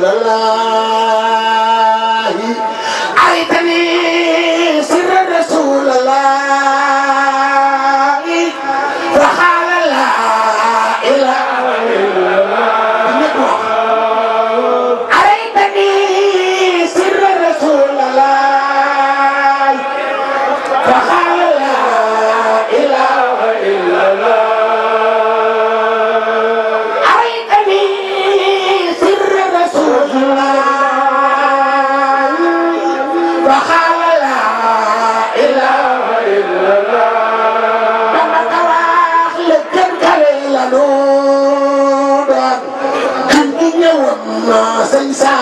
la la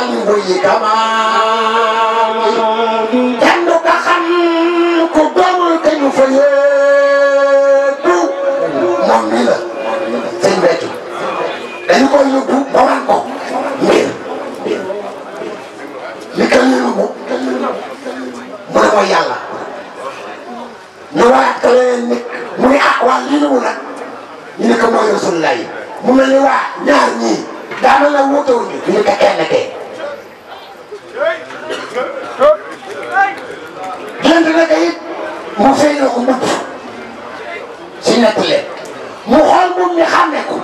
yangu ikamani mu fay la ko mujj ci nettalee mu xool moom mi ko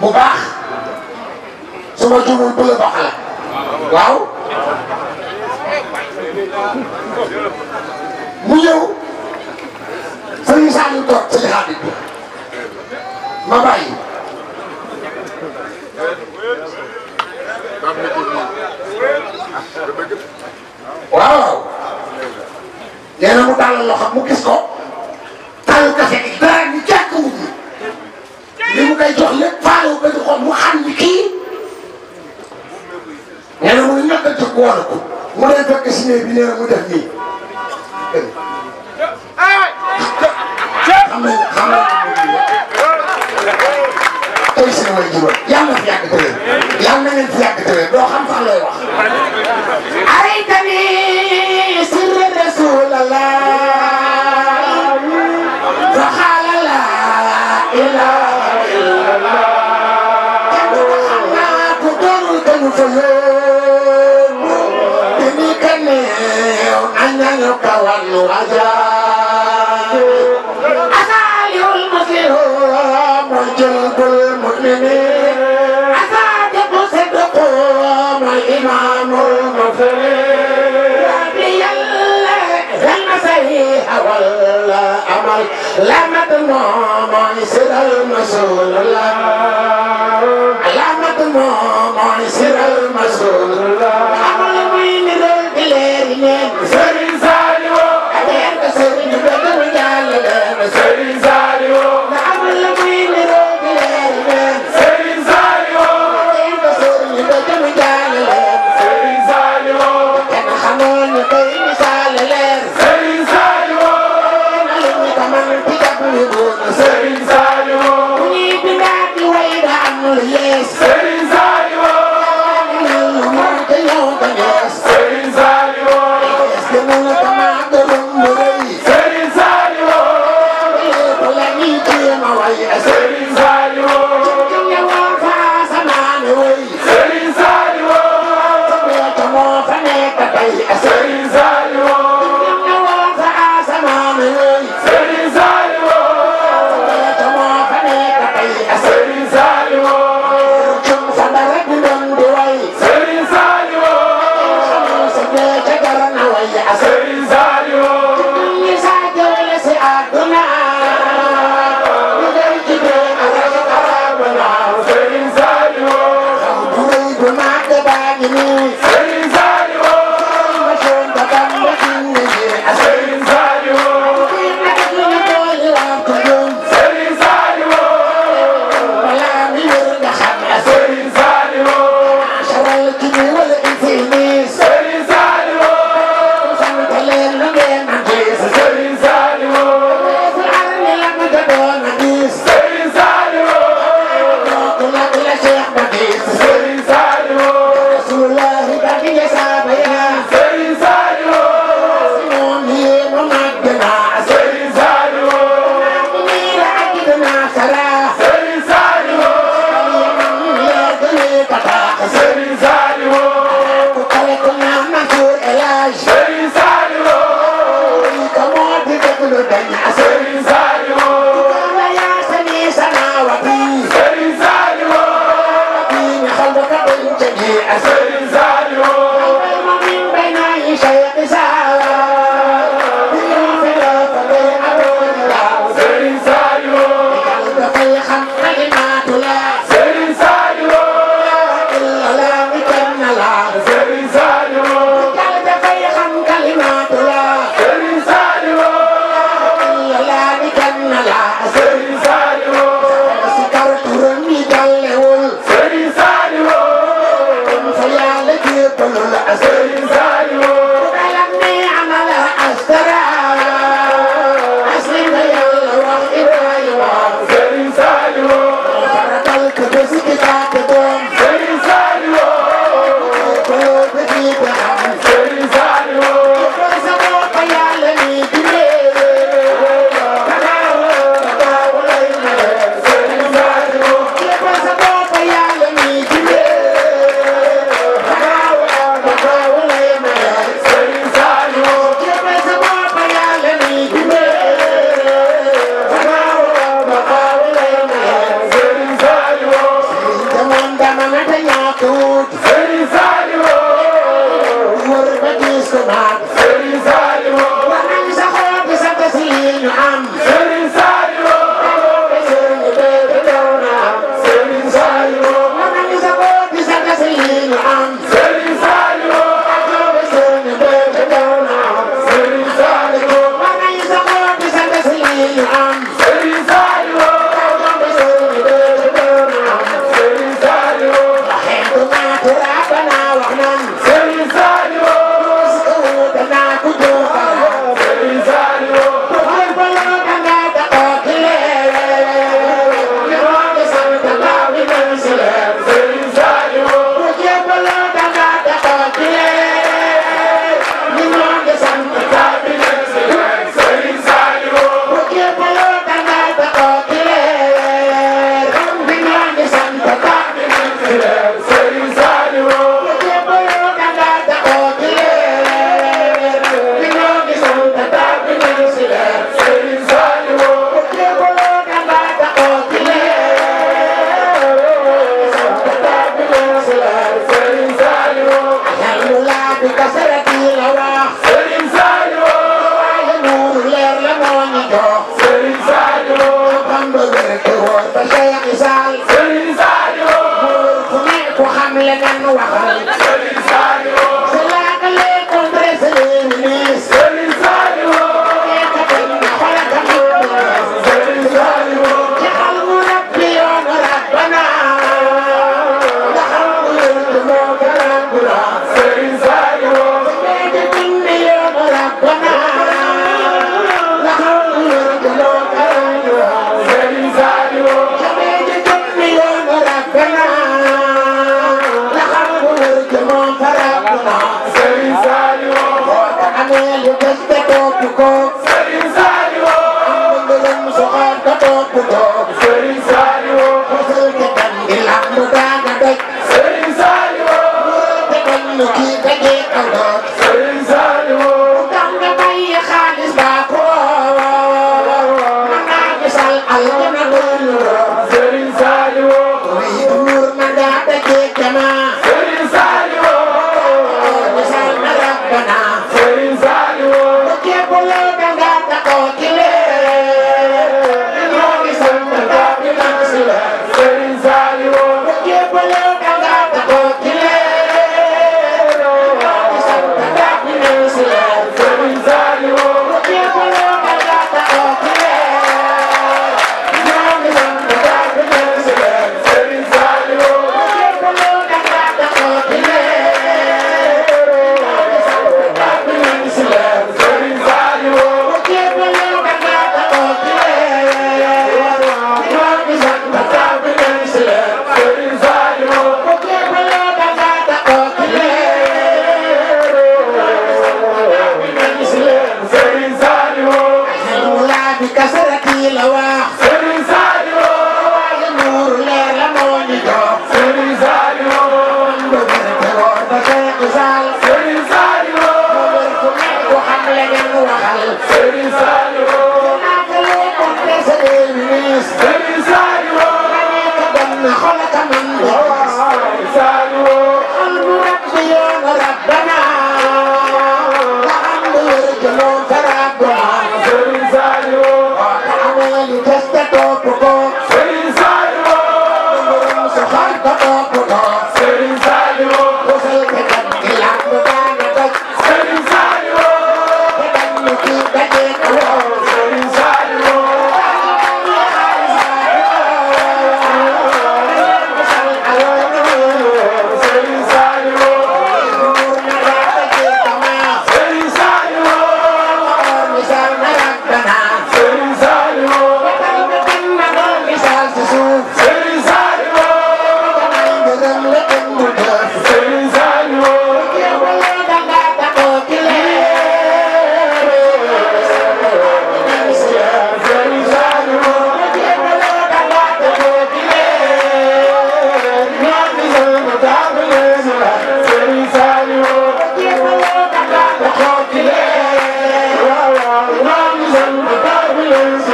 bu baax su ma jumul bu mu ñëw sëñ Saliou toog sëñ Xaadim ma tàllal loxo mu gis ko taal kase gi dara ñu jàkkuwul li mu koy jox lépp faalewu ko di xool mu xam ni kii nee na mu ne ñàkk a jóg wóor ko mu doon fekk si bi nee na mu def nii xam nañ xam nañ tey seen way jubal yàlla na fi yàgg tëwee yàlla na leen fi yàgg tëwee doo xam sax looy wax. dañu ko yóob te nii ka néew nañu ko wàllu rajaat asaalihul masiihu mooy jëlbul mu'miniin asaadiqu sidqu mooy imaamul mursaliin rabbi yàlla yal na sahiha wala amal la mat moo mooy sidal rasulullah la mat moo معشر المسؤول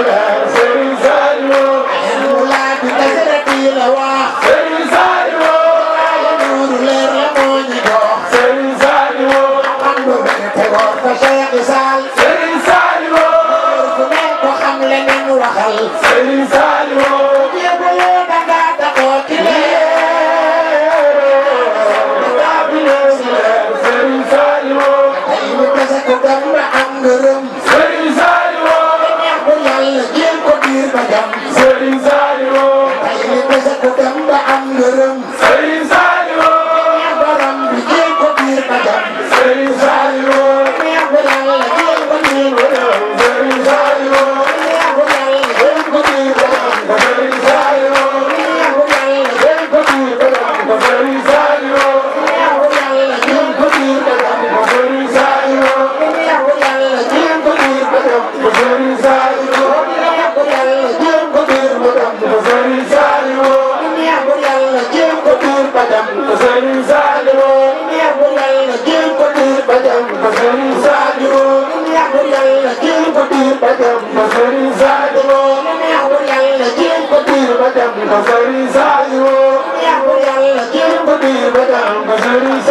your ass. Sei Ladies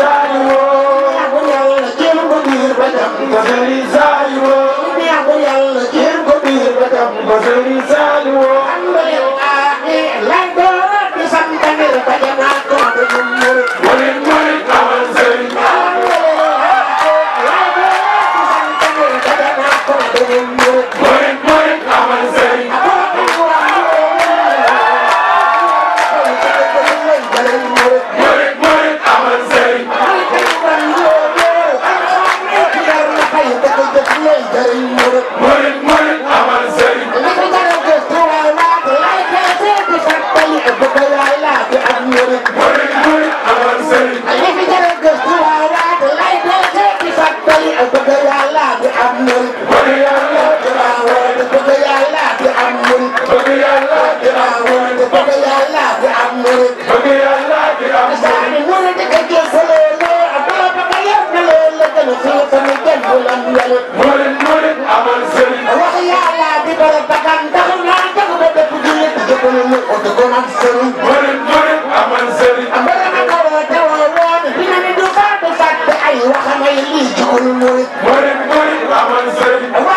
sorry.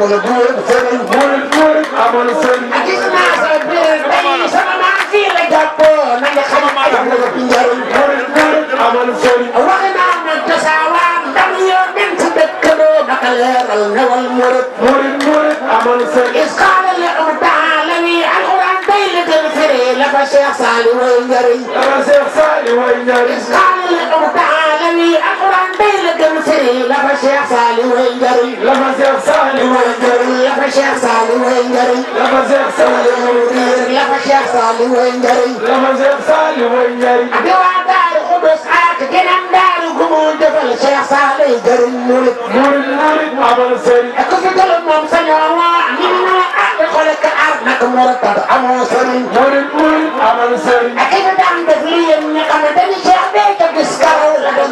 wanna do it for you, do it, do it. I wanna send you. I just might as well baby. Some of my feel like that, boy. Now you come on, I'm gonna be there, you do it, do it. I'm wanna send man. Just down the Tasawan, down your to the canoe, not a little, no one would it, do it, do it. I wanna send you. It's called a little darling, and all I'm daily gonna feel like a chef, Sally Wayne Gary. Like a chef, Sally Wayne Gary. It's called a little darling. غوي القران بي لا دل سري لا فا شيخ سالي وين جري لا فا شيخ سالي وين جري لا فا شيخ سالي وين جري لا فا شيخ سالي وين جري لا فا شيخ سالي وين جري لا فا شيخ سالي وين جري ابي وادار خبز اك جنان دار غمون دفل شيخ سالي جري مولد مولد مولد ابو سري اكو في دل مام سنوا نينا خلك عرضك مرتب ابو سري مولد مولد ابو سري اكيد دام تفلي من قناتني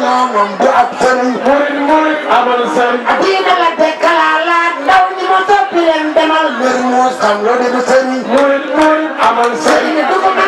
moom du ab sëriñ. murid murid amul sëriñ. diine la dekkalaalaat ndaw ñi ma soppi leen demal. mbir mu sam loo di du sëriñ. murid murid amul sëriñ.